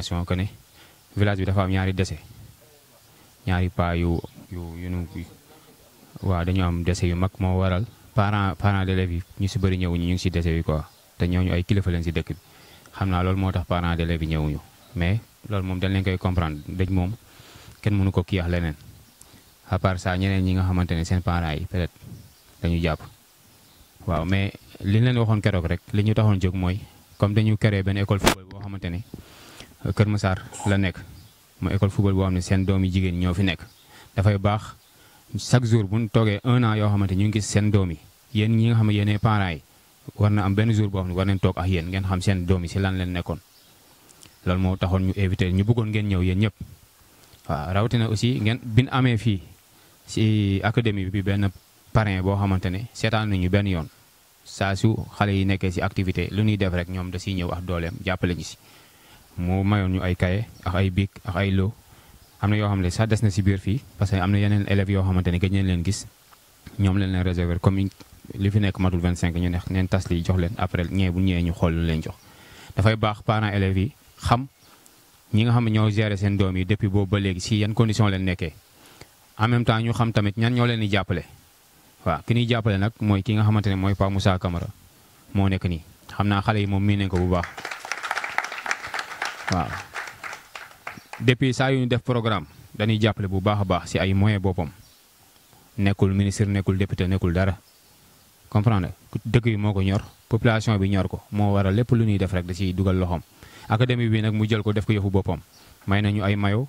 information que ne village bi dafa am ñaari dese ñaari paa yu yu yu nu waaw dañoo am dese yu mag moo waral parents parents d'élèves yi ñu si bëri ñëwuñu ñu ngi si dese bi quoi te ñooñu ay kilifa leen si dëkk bi xam naa loolu moo tax parents d'élèves yi ñëwuñu mais loolu moom dañ leen koy comprendre dëj moom kenn mënu ko kii ax leneen à part ça ñeneen ñi nga xamante ne seen parents yi peut-être dañu jàpp waaw mais li ñu leen waxoon keroog rek li ñu taxoon jóg mooy comme dañu créé benn école football boo xamante ne Kër Massar la nekk mooy école football boo xam ne seen doom yi jigéen ñoo fi nekk dafay baax chaque jour bu ñu toogee un yoo xamante ñu ngi gis seen doom yi ñi nga xam ne yéenay yi war na am benn jour boo xam ne war nañ toog ak yéen ngeen xam seen doom si lan leen nekkoon loolu moo taxoon ñu éviter ñu bëggoon ngeen ñëw yéen ñëpp waaw rawatina aussi ngeen bin amee fii si académie bi benn parrain boo xamante ne seetaan nañu benn yoon saa su xale yi nekkee si activité lu ñuy def rek ñoom da siy ñëw ax dooleem jàppale ñu si. moo mayoon ñu ay kaye ak ay bic ak ay lo am na yoo xam ne sax des na si biir fii parce que am na yeneen élèves yoo xamante ne gëj nañ leen gis ñoom leen leen réserver comme li fi nekk matul ñu ne neen tas li jox leen après ñee bu ñëwee ñu xool leen jox. dafay baax parents élèves yi xam ñi nga xam ne ñoo gérer seen doom yi depuis boobu ba léegi si yan condition leen nekkee en même temps ñu xam tamit ñan ñoo leen di jàppale waaw ki ñuy jàppale nag mooy ki nga xamante ne mooy Pa Moussa Camara moo nekk nii xam naa xale yi waaw depuis saa yu ñu def programme dañuy jàppale bu baax a baax si ay moyens boppam nekkul ministre nekkul deputé nekkul dara comprendre dëkk yi moo ko ñor population bi ñor ko moo waral lépp lu ñuy def rek da ciy dugal loxoom. académie bi nag mu jël ko def ko yëfu boppam may ñu ay mayow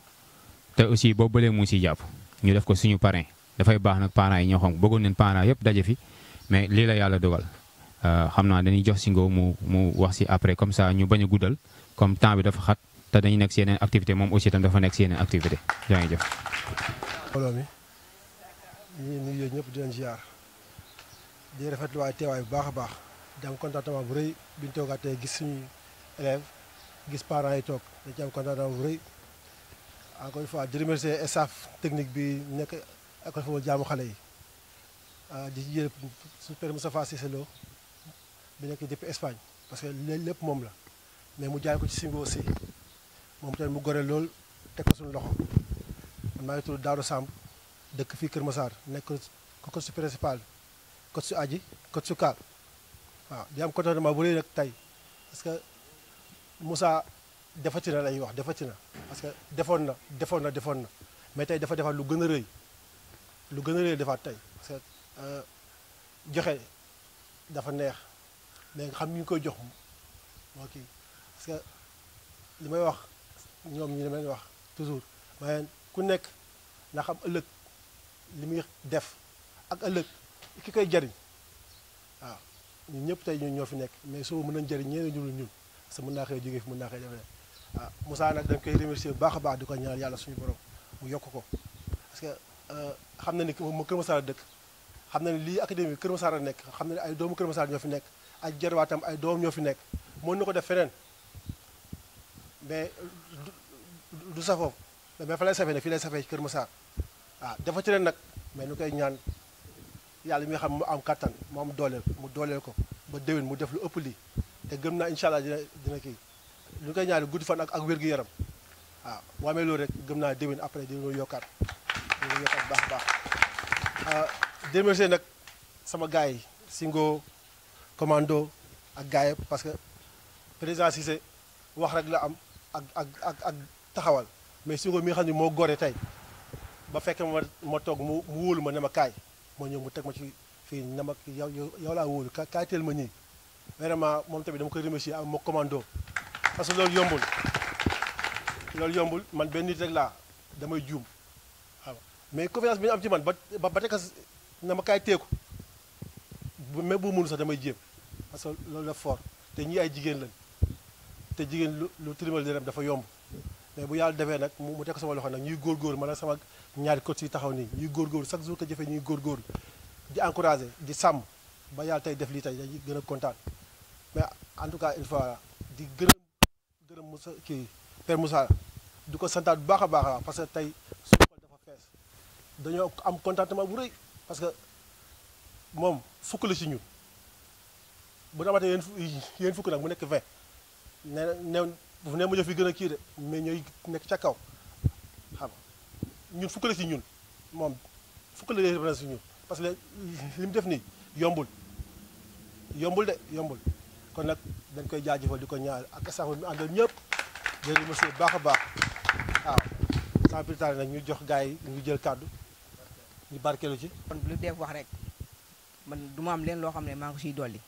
te aussi boobu ba léegi mu siy jàpp ñu def ko suñu parrain dafay baax nag parents yi ñoo xam bëggoon nañ parents yëpp daje fi mais lii la yàlla dogal euh, xam naa dañuy jox si ngoo mu mu wax si après comme ça ñu bañ a guddal. comme temps bi dafa xat te dañu nekk si yeneen activité moom aussi tam dafa nekk si yeneen activité jaa ngi jëf. mbooloo ñu ngi nuyu ñëpp di leen ziar di rafetlu waaye teewaay bu baax a baax di am contentement bu rëy bi ñu toogaatee gis suñu gis parents yi toog dañ ci am contentement encore une di remercier staff technique bi nekk école foofu jaamu xale yi ah, di jël suñu père Moustapha Cissé bi nekk depuis Espagne parce que lépp moom la. mais mu jaay ko ci Singo aussi moom tamit mu gore lool teg ko suñu loxo man maa ngi tudd Daouda Samb dëkk fii Kër Massar nekk ko coach principal coach su aji coach su kaar waaw di am contentement bu rëy nag tey parce que Moussa defati na lay wax defati na parce que defoon na defoon na defoon na mais tey dafa defaat lu gën a rëy lu gën a rëy defaat tey parce que euh, joxe dafa neex mais nga xam ni ñu koy jox kii parce que li may wax ñoom ñu demee wax toujours maanaam ku nekk na xam ëllëg li muy def ak ëllëg ki koy jariñ waaw ñun ñëpp tey ñun ñoo fi nekk mais soo mën nañ jariñ ñeneen ñu ñun parce que mën naa xëy jógee fi mun naa xëy de waaw Moussa nag dañ koy remercier bu baax baax di ko ñaar yàlla suñu borom mu yokk ko parce que euh, xam na ni moom Kër Masar dëkk xam na ni lii académie Kër Masar a nekk xam na ni ay doomu Kër Masar ñoo fi nekk ak jarwaatam ay doom ñoo fi nekk mën na ko def feneen mais du safoo mais fa lay safee ne fii lay safee ci Kër Massar waaw ah, dafa ci nag mais ñu koy ñaan yàlla mi xam mu am kattan mu am dooleel mu dooleel ko ba déwén mu def lu ëpp lii te gëm naa incha allah dina kii ñu koy ñaan gudd fan ak ak wér-gu-yaram waaw ah, boo amee loolu rek gëm naa déwén après dina yokkaat dina yokkaat baax a baax ah, nag sama gars yi Singo commando ak gars yi parce que président Cissé wax rek la am. ak ak ak ak taxawal mais Siroo mi nga xam ne moo gore tey ba fekke ma ma toog mu mu wóolu ma ne ma kaay moo ñëw mu teg ma ci fii ne ma yow yow laa wóolu kaay teel ma ñii vraiment moom tamit dama koy remercier ak ma commando parce que loolu yombul yombul man benn nit damay juum mais confiance bi am ci man ba ba teg na ma kaay teeku mais bu mënu sax damay jéem parce que loolu la foor te ñi ay jigéen lañ te jigéen lu lu tilimal deram dafa yomb mais bu yàlla defee nag mu tekk sama loxo nag ñuy góorgóor man sama ñaari côté yi taxaw nii ñuy góorgóor chaque jour te jëfee ñuy góorgóor di encouragé di sàmm ba yàlla tey def lii tey dañuy gën a kontaan mais en tout cas une fois di gërëm gërëm Moussa kii Père Moussa di ko santaat bu baax a parce que tey suñu xol dafa fees dañoo am contentement bu rëy parce que moom fukk la si ñun bu ñu amatee yéen fukk nag mu nekk 20. nee ne néew bu ne ma jëf yi gën a kii de mais ñooy nekk ca kaw xam ñun fukk la si ñun moom fukk la si ñun parce que li mu def nii yombul yombul de yombul kon nag dañ koy jaajëfal di ko ñaar ak sax mi àndal ñëpp jërëjëf baax a baax waaw sans plus jox gars yi ñu jël kàddu ñu barkeelu ci. kon lu def wax rek man du ma am leen loo xam ne maa ngi ko siy dolli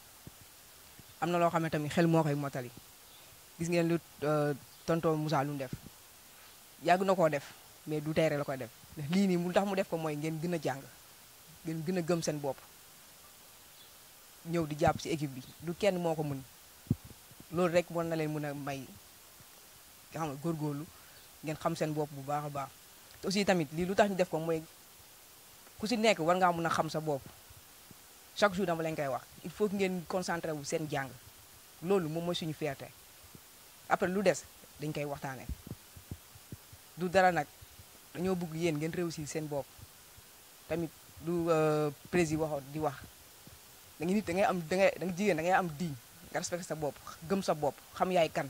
am na loo xam ne tamit xel moo koy motali. gis ngeen lu euh, tonton Moussa lu mu def yàgg na koo def mais du tey la ko def lii nii mu tax mu def ko mooy ngeen gën a jàng ngeen gën a gëm seen bopp ñëw di jàpp si équipe bi du kenn moo ko mën loolu rek war na leen mën a may nga xam ne ngeen xam seen bopp bu baax a baax aussi tamit lii lu tax ñu def ko mooy ku si nekk war ngaa mun a xam sa bopp chaque jour dama leen koy wax il faut ngeen concentré bu seen jàng loolu moom mooy suñu fierté après lu des dañ koy waxtaanee du dara nag dañoo bugg yéen ngeen réussir seen bopp tamit du euh, président waxoon di wax da da ngay am da da jigéen da ngay am diñ nga respecté sa bopp gëm sa bopp xam yaay kan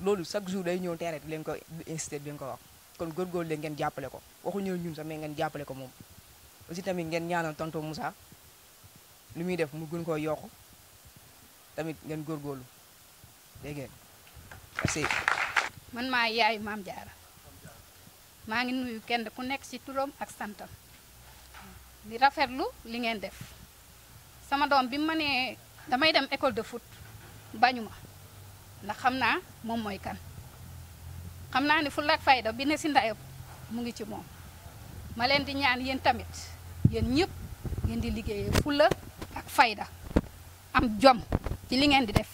loolu chaque jour day ñëw teere di leen ko incité di leen ko wax kon góorgóorlu leen ngeen jàppale ko waxuñu ñun sax mais ngeen jàppale ko moom aussi tamit ngeen ñaanal tonton Moussa lu muy def mu gën koo yokk tamit ngeen góorgóorlu dégg ngeen merci. man maa yaayu maam jaara maa ngi nuyu kenn ku nekk ci turam ak santam di rafetlu li ngeen def sama doom bi ma nee damay dem école de foot bañu ndax xam naa moom mooy kan xam naa ni fulla ak fayda bi ne ci mu ngi ci moom ma leen di ñaan yéen tamit yéen ñëpp ngeen di liggéeyee fulla ak fayda am jom ci li ngeen di def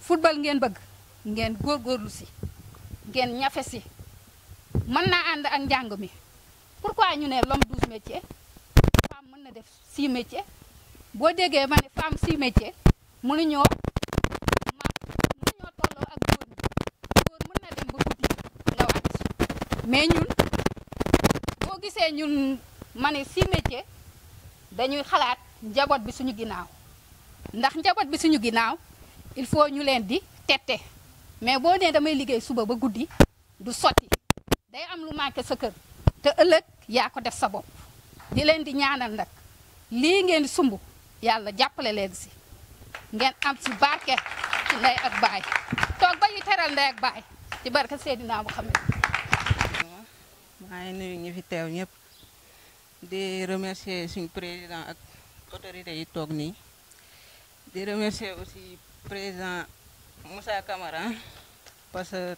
football ngeen bëgg ngeen góor góorlu si ngeen ñafe si mën naa ànd ak njàng mi pourquoi ñu ne l'homme douze métiers femme mën na def six métiers boo déggee ma ne femme six métiers mënuñoo ma mënuñoo tolloo ak góor ñi góor mën na dem ba guddi nga wàcc mais ñun boo gisee ñun ma ne six métiers dañuy xalaat njaboot bi suñu ginnaaw ndax njaboot bi suñu ginnaaw il faut ñu leen di tete mais boo nee damay liggéey suba ba guddi du sotti day am lu manqué sa kër te ëllëg yaa ko def sa bopp di leen di ñaanal nag lii ngeen sumb yàlla jàppale leen si ngeen am si barke ci ndey ak baay toog ba ñu teral ndey ak baay ci barke Seydina Muhammad maa ngi nuyu ñu fi teew ñëpp di remercier suñ président ak autorité yi toog nii di remercier aussi président Moussa kamara parce que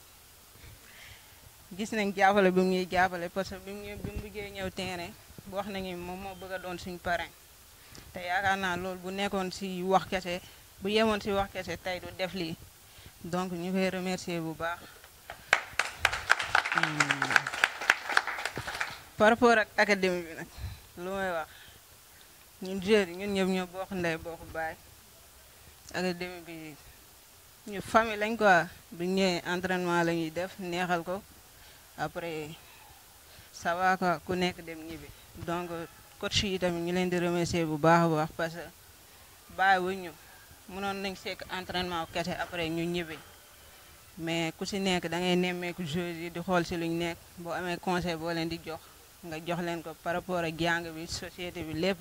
gis nañ jàppale bi mu ñuy jàppale parce que bi mu bi mu buggee ñëw terrain wax nañu moom moo bëgg a doon suñ parrain te yaakaar naa bu nekkoon si wax kese bu yemoon si wax kese tey du def lii donc ñu koy remercier bu baax. Hmm. par rapport ak académie bi nag lu may wax ñun jeunes ñun ñëpp ñoo bokk ndey bokk baay. académie bi ñu famille lañ quoi bu ñëwee entraînement la ñuy def neexal ko après ça va ku nekk dem ñibbi donc coach si tamit ñu leen di remercier bu baax a baax parce que bàyyi wuñ ñu mënoon nañ sekk entraînement kese après ñu ñibbi mais ku si nekk da ngay nemmeeku joueurs yi di xool si luñ nekk boo amee conseil boo leen di jox nga jox leen ko par rapport ak jàng bi société bi lépp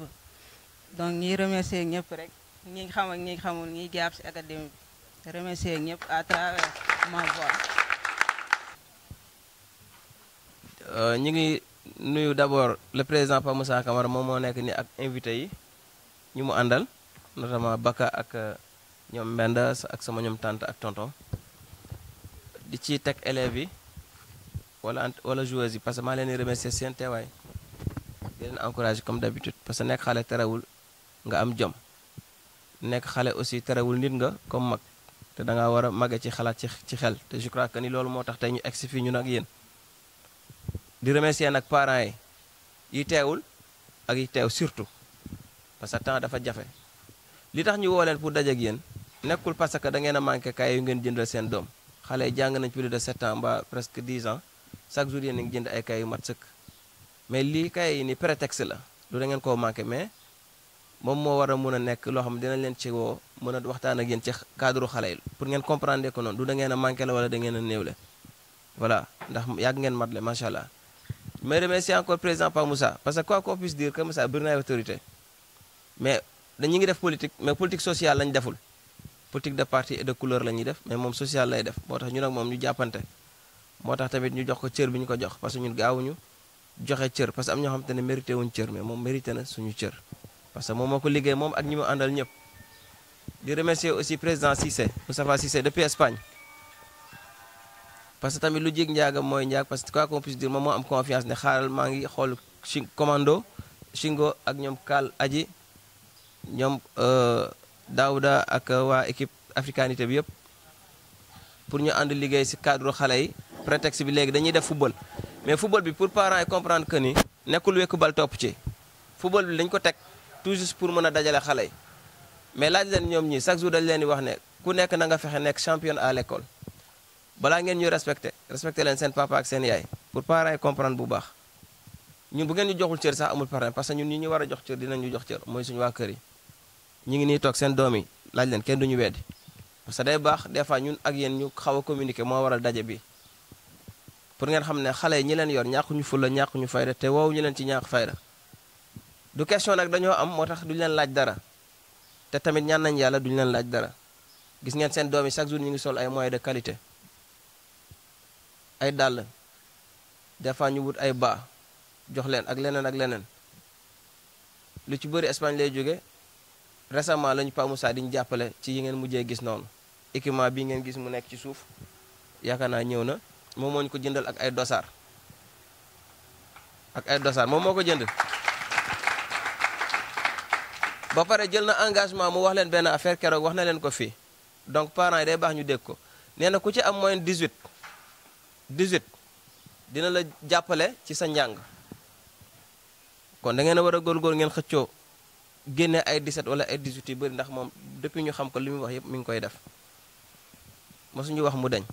donc ñuy remercier ñëpp rek ñi xam ak ñi xamul ñi jàpp si académie bi ñëpp à travers ma euh, ñu ngi nuyu d' abord le président Pape Moussa Camara moom moo nekk ni ak invité yi ñu mu àndal notamment Baka ak euh, ñoom Mbenda ak sama ñoom tànt ak tonton di ci teg élèves yi wala wala joueurs yi parce que maa leen di remercier seen teewaay di leen encouragé comme d' habitude parce que nekk xale terewul nga am jom. nek xalé aussi terewul nit nga comme mag té da nga wara magé ci xalat ci ci xel té je crois que ni loolu motax tax ñu exfi fii ñun ak yéen di remercier nak parents yi yi téwul ak yi téw surtout parce que temps dafa jafé li tax ñu woo leen pour dajé ak yeen nekul parce que da ngay na manké kay yu ngeen jëndal seen dom xalé jang jàng nañ plus de 7 ans ba presque 10 ans chaque jour yeen a ngi jënd ay kay yu mat sëkk mais li kay ni prétexte la lu da ngeen ko manké mais moom moo war a mun a nekk loo xam ne dinañ leen ci woo mën a waxtaan a yéen ci cadre xale yi pour ngeen comprendre ko noonu du da ngeen a manqué la wala da ngeen a néew le voilà ndax yàgg ngeen mat le macha allah mais remercier encore président Pape Moussa parce que quoi qu'on puisse dire que Moussa bëri na autorité mais dañu ngi def politique mais politique sociale lañ deful politique de parti et de couleur la ñuy def mais moom sociale lay def moo tax ñun ak moom ñu jàppante moo tax tamit ñu jox ko cër bi ñu ko jox parce que ñun gaawuñu joxe cër parce que ñoo xam ne mérité wuñ cër mais moom mérité na suñu cër parce que moom mom ko liggéey moom ak ñi mu àndal ñëpp di remercier aussi président Cissé Moustapha Cissé depuis Espagne parce que tamit lu jig njaagam mooy njaag parce que quoi qu'on puisse dire am confiance ne xaaral ngi commando Shingo ak kal Kaal Aji ñoom Daouda ak waa équipe africanité bi yëpp pour ñu ànd liggéey si cadre xale yi prétexte bi léegi dañuy def football mais football bi pour parents yi comprendre que ni kubal wekk bal topp ci football bi dañ ko toujours pour mëna dajalé xalé mais laaj leen ñom ñi chaque jour dañ leen wax né ku nekk na nga fexé nekk champion à l'école bala ngeen ñu respecté respecté leen sen papa ak sen yaay pour parents yi comprendre bu baax ñun bu ngeen ñu joxul cër sax amul parent parce que ñun ñi ñu war jox cër dinañ ñu jox cër moy suñu wa kër yi ñi ngi ni tok sen doomi yi leen kenn duñu weddi parce que day baax des fois ñun ak yeen ñu xawa communiquer mo waral dajé bi pour ngeen xamné xalé ñi leen yor ñaaxu ñu fulla ñaaxu ñu fayda té waw ñi leen ci ñaax fayda du question nak dañu am motax duñ len laaj dara té tamit ñaan nañ yalla duñ len laaj dara gis ngeen seen doomi chaque jour ñi ngi sol ay moyens de qualité ay dal des ñu wut ay ba jox len ak lenen ak lenen lu ci bëri Espagne lay jóge récemment lañu Pa Moussa diñ jappalé ci yi ngeen mujjé gis non équipement bi ngeen gis mu nekk ci suuf yakana naa na ko jëndal ak ay dossard ak ay dossard moom moko jënd ba pare jël na engagement mu wax leen benn affaire keroog wax na leen ko fii donc parents yi day baax ñu dégg ko nee na ku ci am moyenne 18 18 dina la jàppale ci sa njàng. kon da ngeen a war a góorgóor ngeen xëccoo génne ay 17 wala ay 18 yi bëri ndax moom depuis ñu xam ko li muy wax yëpp mu ngi koy def su mosuñu wax mu dañ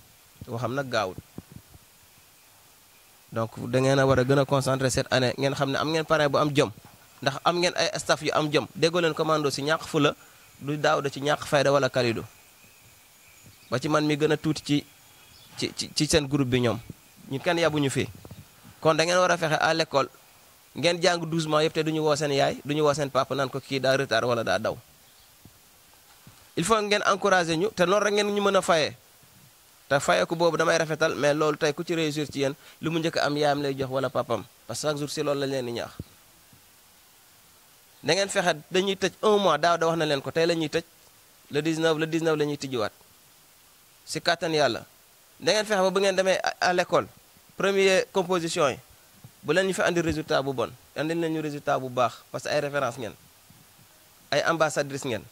waxam nag gaawul. donc da ngeen a war a gën a concentrer cette année ngeen xam ne am ngeen parent bu am jom. ndax am ngeen ay staff yu am jëm déggoo leen commando si ñàkk fu la du daaw da ci ñàkk fayda wala kalidu ba ci man mi gën a tuuti ci ci ci ci seen groupe bi ñoom ñu kan kenn ñu fii kon da ngeen war a fexe à l'école ngeen jàng 12 mois yëpp te du ñu woo seen yaay du ñu woo seen papa naan ko kii daa retard wala daa daw il faut ngeen encourager ñu te noonu rek ngeen ñu mën a fayee te fayeeku boobu damay rafetal mais loolu tey ku ci réussir ci yéen lu mu njëkk am yaayam lay jox wala papam parce que chaque jour loolu la leen ñaax. da ngeen fexe dañuy tëj un mois daaw da wax na leen ko tey la ñuy tëj le 19 le 19 la ñuy waat si kattan yàlla da ngeen fexe ba bu ngeen demee à l'école premier composition yi bu leen ñu fi andi résultat bu bon andi leen ñu résultat parce que ay ngeen ay ambassadrice ngeen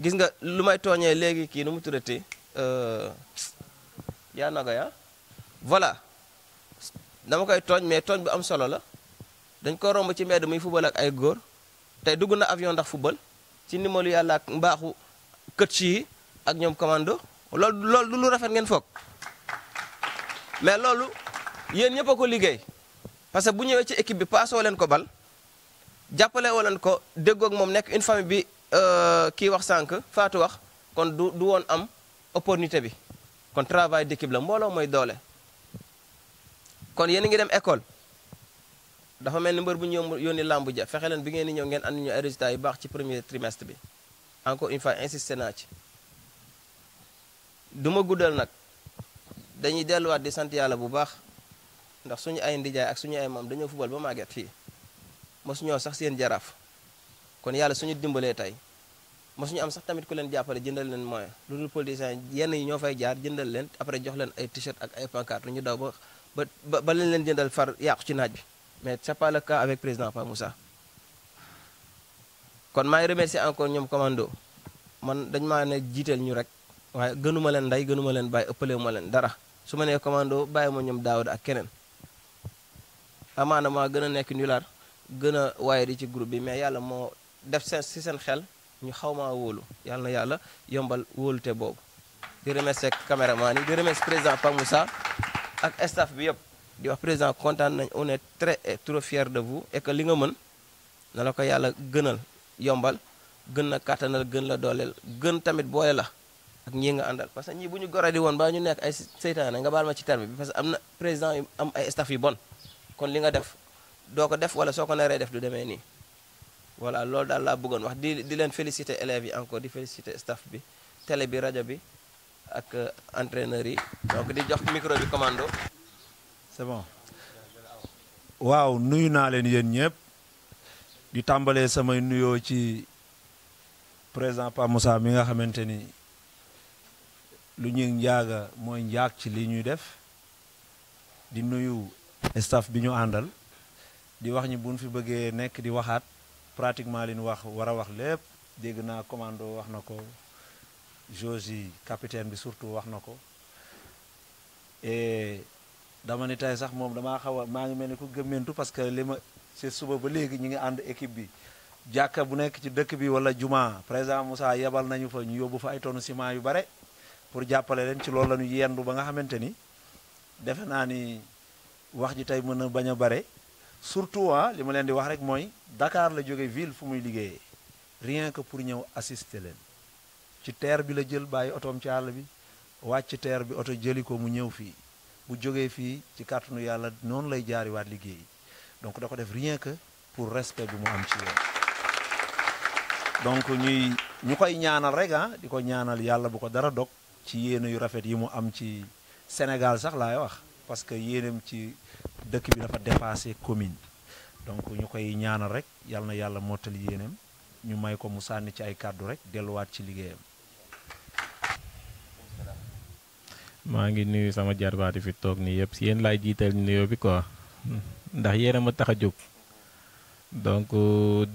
gis nga lu may tooñee léegi kii nu mu tuddati euh, yaa nago ya voilà dama koy tooñ mais tooñ bu am solo la dañ koo ko romb ci mbedd muy fubal ak ay góor tey dugg na avion ndax football ci ndimbalu yàlla ak mbaaxu coach yi ak ñoom commando loolu du lu rafet ngeen foog mais loolu yéen ñëpp a ko liggéey parce que bu ñëwee ci équipe bi paasoo leen ko bal jàppale woo leen ko déggoog moom nekk une famille bi euh, kii wax sànq faatu wax kon du du woon am opportunité bi kon travail d'équipe la mbooloo mooy doole kon yéen a ngi dem école. dafa mel ni mbër bu ñëw yónni làmb ja fexe leen bi ngeen di ñëw ngeen andi ñu ay résultats yu baax ci premier trimestre bi encore une fois insisté naa ci du ma guddal nag dañuy delluwaat di sant yàlla bu baax ndax suñu ay ndijaay ak suñu ay moom dañoo fubal ba màgget fii mosuñoo sax seen jaraaf kon yàlla suñu dimbalee tey mosuñu am sax tamit ku leen jàppale jëndal leen moyen lu dul politiciens yenn yi ñoo fay jaar jëndal leen après jox leen ay t-shirt ak ay pancarte ñu daw ba ba ba leen leen jëndal far yàqu ci naaj bi mais c'est pas le cas avec président Pa Moussa kon maa ngi remercier encore ñoom commando man dañ maa ne jiiteel ñu rek waaye gënuma leen ndey gënuma leen bàyyi ëppalewu ma leen dara su ma nee commando bàyyi ma ñoom daawud ak keneen amaana maa gën a nekk nulaar gën a waaye di ci groupe bi mais yàlla moo def seen si seen xel ñu xaw maa wóolu yàlla yàlla yombal wóolute boobu di remercier caméraman ni di remercier président Pa Moussa ak staff bi yëpp di wax président kontaan nañ on est très trop fier de vous et que li nga mën na la ko yàlla gënal yombal gën na kàttanal gën la dooleel gën tamit boole la ak ñii nga àndal parce que ñii bu ñu gore di woon ba ñu nekk ay seytaane nga baal ma ci terme bi parce que am na président yu am ay staff yu bon kon li nga def doo ko def wala soo ko neeree def du demee nii voilà lool daal laa bëggoon wax di di leen félicité élèves yi encore di féliciter staff bi télé bi rajo bi ak euh, entraîneurs yi donc di jox micro bi commando c'est bon waaw nuyu naa leen yéen ñëpp di tàmbalee samay nuyoo ci président Pa Moussa mi nga xamante ni lu njaaga mooy njaag ci li ñuy def di nuyu staff bi ñu àndal di wax ñi buñ fi bëggee nekk di waxaat pratiquement li ñu wax war a wax lépp dégg naa commando wax na ko Josi capitaine bi surtout wax na ko et dama ni tey sax moom damaa xaw a maa ngi mel ni ku parce que li ma ci suba ba léegi ñu ngi ànd équipe bi jàkka bu nekk ci dëkk bi wala juma par Musa Moussa yebal nañu fa ñu yóbbu fa ay tonu ciment yu bare pour jàppale leen ci loolu la ñu yendu ba nga xamante ni ni wax ji bare surtout ah li ma di wax rek Dakar la vil ville fu muy liggéeyee rien que pour ñëw assister leen ci terre bi la jël bàyyi otoom ci bi terre bi mu bu jógee fii ci kàttanu yàlla noonu lay jaariwaat liggéey donc da ko def rien que pour respect bi mu am ci yéen donc ñuy ñu koy ñaanal rek ah di ko ñaanal yàlla bu ko dara dog ci yéene yu rafet yi mu am ci Sénégal sax laay wax parce que yéenem ci dëkk bi dafa dépassé commune donc ñu koy ñaanal rek yàlla na yàlla mottali yéeneem ñu may ko mu sànni ci ay kàddu rek delluwaat ci liggéeyam maa ngi nuyu sama jarbaati eh, fi toog nii yëpp si yéen laay jiital nuyoo bi quoi ndax yéen a ma tax a jóg donc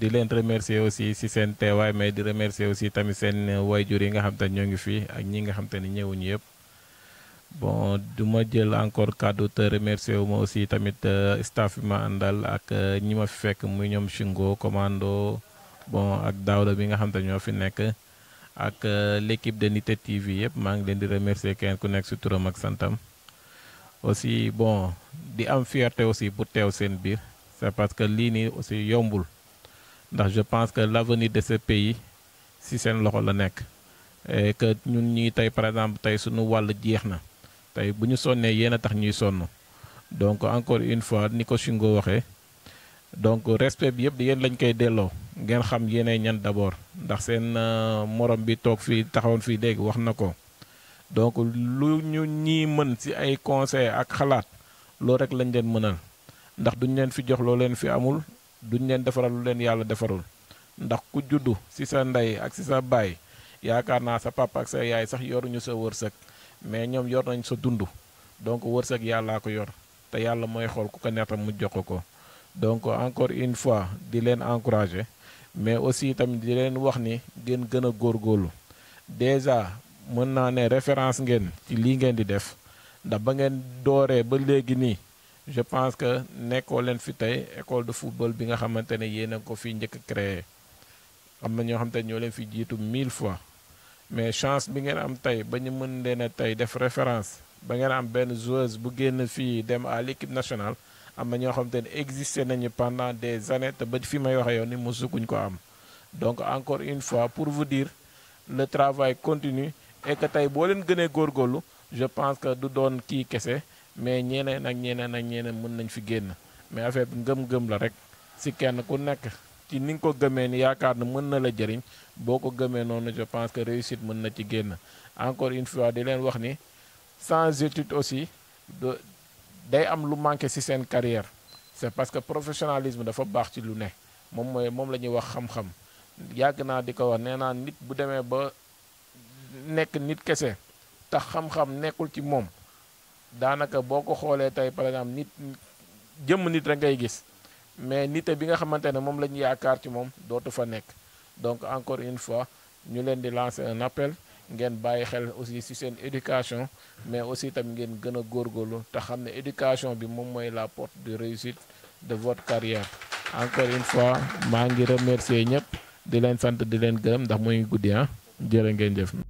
di leen remercier aussi si seen teewaay mais di remercier aussi tamit seen wayjur yi nga xam te ñoo ngi ak ñi nga xam te ni ñëwuñu yëpp bon du ma jël encore cadeau te remercier wu ma aussi tamit staff ma àndal ak ñi eh, ma fi fekk muy ñoom Shingo commando bon ak Daouda bi nga xam te ñoo fi eh. ak euh, l'équipe de Nité TV yëpp maa ngi leen di remercier kenn ku nekk si turam ak santam aussi bon di am fierté aussi pour teew seen biir c'est parce que lii nii aussi yombul ndax je pense que l'avenir de ce pays si seen loxo la nekk et que ñun ñii tey par exemple tey suñu wàll jeex na tey bu ñu sonnee yéen a tax ñuy sonn donc encore une fois ni ko Shingo waxee donc respect bi yëpp di yéen lañ koy delloo ngeen xam yéenay ñan d' abord ndax seen euh, morom bi toog fii taxawoon fii léegi wax na ko donc lu ñu ñii mën si ay conseil ak xalaat loolu rek lañ leen mënal ndax duñ leen fi jox loo leen fi amul duñ leen defaral lu leen yàlla defarul ndax ku juddu si sa nday ak si sa baay yaakaar naa sa papa ak sa yaay sax yoruñu sa wërsëg mais ñoom yor nañ sa dund donc wërsëg yàllaa ko yor te yàlla mooy xool ku ko neex mu jox ko. donc encore une fois di leen encourager mais aussi tam di len wax ni gën gëna góorgóorlu déjà mën naa référence ngeen ci li ngeen di def ndax ba ngeen doré ba légui ni je pense que nekkoo leen fi tey école de football bi nga xamante yéna ko fi ñëk créer am na ñoo xamante ñoo fi jitu mille fois mais chance bi ngeen am tay ba ñu mën leen tay def référence ba ngeen am ben joueuse bu génn fii dem à l'équipe nationale am manière ñoo pendant des années te ba fi may waxee yow ni donc encore une fois pour vous dire le travail continue et que tay bo leen gëné gorgolou, je pense que du doon ki mais nous nak nak mën mais affaire bi ngëm la rek si kenn ku nekk ci ko ni yaakaar la je pense que réussite mën encore une fois sans étude aussi day am lu manqué ci seen carrière c'est parce que professionnalisme dafa baax ci lu ne moom mooy moom la ñuy wax xam-xam yàgg naa di ko wax nee naa nit bu demee ba nekk nit kese tax xam-xam nekkul ci moom daanaka boo ko xoolee tey par exemple nit jëm nit rek ngay gis mais nite bi nga xamante ne moom la ñu yaakaar ci moom dootu fa nekk donc encore une fois ñu leen di lancé un appel ngeen bàyyi xel aussi ci seen éducation mais aussi tamit ngeen gën a góorgóorlu te xam ne éducation bi moom mooy la porte de réussite de votre carrière encore une fois maa ngi remercier ñëpp di leen sant di leen gërëm ndax mooy guddi ah jërë ngeen jëf.